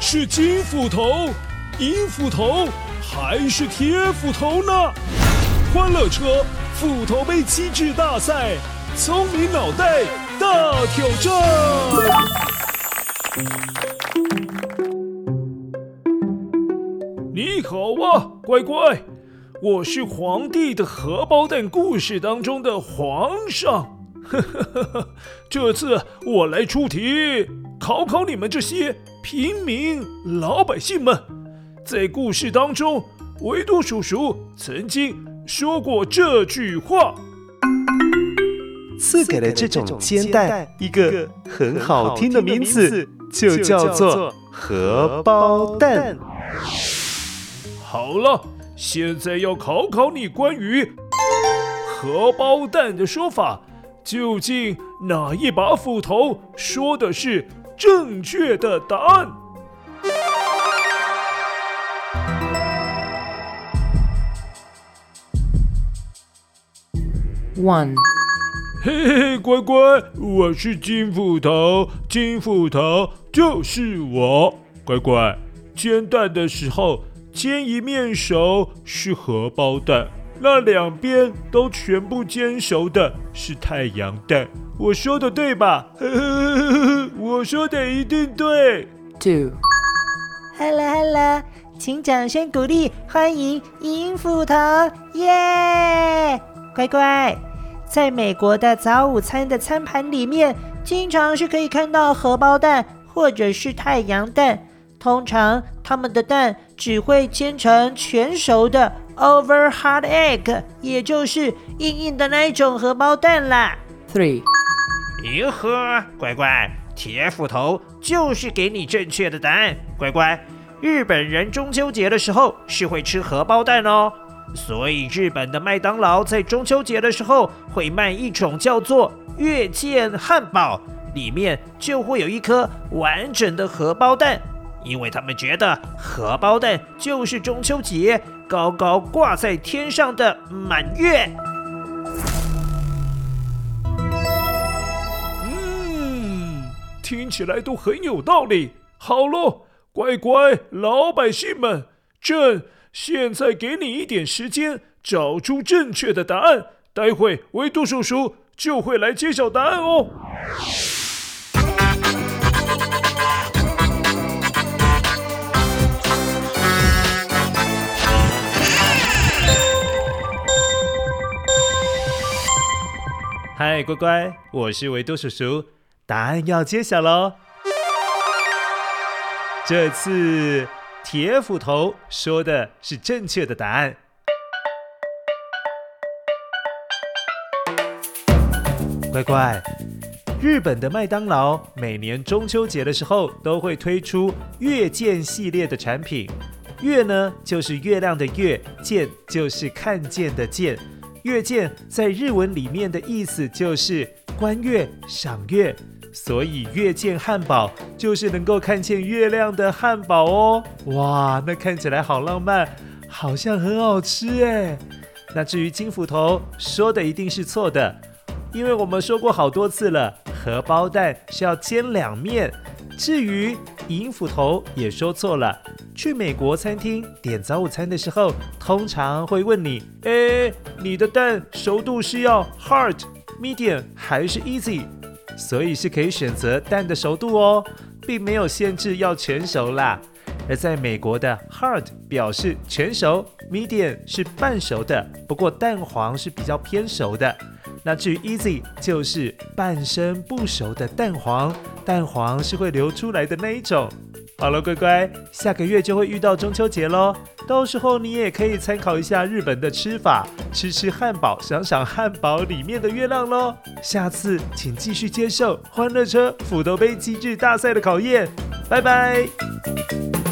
是金斧頭、銀斧頭，還是鐵斧頭呢？歡樂車斧頭盃機智大賽，聰明腦袋大挑戰。你好啊，乖乖，我是皇帝的荷包蛋故事當中的皇上， 這次我來出題，考考你們這些。平民老百姓們，在故事當中，維多叔叔曾經說過這句話，賜給了這種煎蛋一個很好聽的名字，就叫做荷包蛋。好了，現在要考考你關於荷包蛋的說法，究竟哪一把斧頭說的是正確的答案。One，嘿嘿嘿，乖乖，我是金斧頭，金斧頭就是我，乖乖。煎蛋的時候，煎一面熟是荷包蛋，那兩邊都全部煎熟的是太陽蛋。我說的對吧？呵呵呵呵我說的一定對。Two，Hello，Hello，請掌聲鼓勵，歡迎銀斧頭，耶、yeah!！乖乖，在美國的早午餐的餐盤裡面，經常是可以看到荷包蛋或者是太陽蛋。通常它們的蛋只會煎成全熟的 over hard egg，也就是硬硬的那一種荷包蛋啦。Three，喲呵，乖乖。鐵斧頭就是給你正確的答案，乖乖。日本人中秋節的時候是會吃荷包蛋哦，所以日本的麥當勞在中秋節的時候會賣一種叫做“月見”漢堡，裡面就會有一顆完整的荷包蛋，因為他們覺得荷包蛋就是中秋節高高掛在天上的滿月。聽起來都很有道理。好嘍，乖乖，老百姓們，朕現在給你一點時間，找出正確的答案。待會維多叔叔就會來揭曉答案哦。嗨，乖乖，我是維多叔叔。答案要揭曉嘍！這次鐵斧頭說的是正確的答案。乖乖，日本的麥當勞每年中秋節的時候都會推出“月見”系列的產品。“月”呢，就是月亮的“月”；“見”就是看見的“見”。月見在日文裡面的意思就是觀月、賞月。所以月見漢堡就是能夠看見月亮的漢堡哦！哇，那看起來好浪漫，好像很好吃哎。那至於金斧頭說的一定是錯的，因為我們說過好多次了，荷包蛋是要煎兩面。至於銀斧頭也說錯了，去美國餐廳點早午餐的時候，通常會問你，哎，你的蛋熟度是要 hard、medium 還是 easy？所以是可以選擇蛋的熟度哦，並沒有限制要全熟啦。而在美國的 hard 表示全熟，medium 是半熟的，不過蛋黃是比較偏熟的。那至於 easy 就是半生不熟的蛋黃，蛋黃是會流出來的那一種。好了，乖乖，下個月就會遇到中秋節嘍，到時候你也可以參考一下日本的吃法，吃吃漢堡，賞賞漢堡裡面的月亮嘍。下次請繼續接受歡樂車斧頭杯機智大賽的考驗，拜拜。